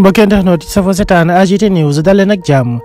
mbokkee ndax sa ci safoo setaan AGT News dalee nag jàmm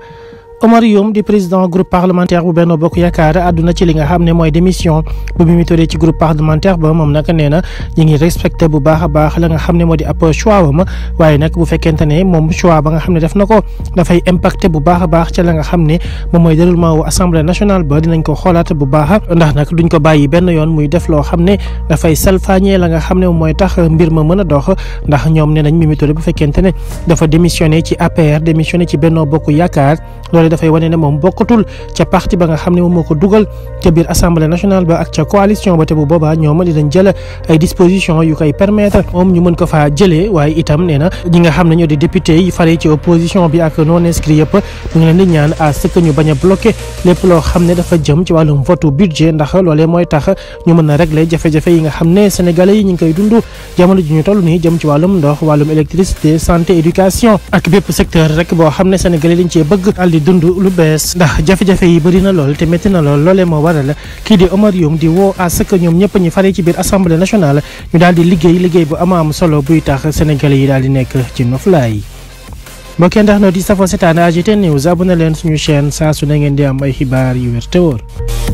Omar Youm di président groupe parlementaire bu Benno Bokk Yaakaar àdduna ci li nga xam ne mooy démission bu Mimi Touré ci groupe parlementaire ba moom nag nee na ñu ngi respecté bu baax a baax la nga xam ne moo di ab choix wam waaye nag bu fekkente ne moom choix ba nga xam ne def na ko dafay impacté bu baax a baax ca la nga xam ne moom mooy déroulement wu assemblée nationale ba dinañ ko xoolaat bu baax ndax nag duñ ko bàyyi benn yoon muy def loo xam ne dafay salfaañee la nga xam ne mooy tax mbir ma mën a dox ndax ñoom ne nañ Mimi Touré bu fekkente ne dafa démissionné ci APR démissionné ci Benno Bokk Yaakaar loolu dafay wane ne moom bokkatul ca parti ba nga xam ne moom moo ko dugal ca biir assemblée nationale ba ak ca coalition ba te bu boobaa ñoom dinañ jël ay dispositions yu koy permettre moom ñu mën ko fa jëlee waaye itam nee na ñi nga xam ne ñoo di député yi faree ci bi ak non inscrit yëpp ñu ngi leen ñaan à ce que ñu bañ lépp loo xam ne dafa jëm ci wàllum votu budget ndax loole mooy tax ñu mën na régler jafe-jafe yi nga xam ne sénégalais yi ñu ngi koy dund jamono ji ñu toll nii jëm ci wàllum ndox wàllum électricité santé éducation ak bépp secteur rek boo xam ne sénégalais liñ cee bëgg di dund lu bees ndax jafe-jafe yi bëri na lool te métti na lool loolee moo waral kii di Omar Youm di woo à ce que ñoom ñëpp ñi faree ci biir assemblée nationale ñu daal di liggéey liggéey bu ama am solo buy tax sénégalais yi daal di nekk ci noflaay mbokk yi ndax noo di safoo seetaan AGT News abonné leen suñu chaîne saa su na ngeen di am ay xibaar yu wér te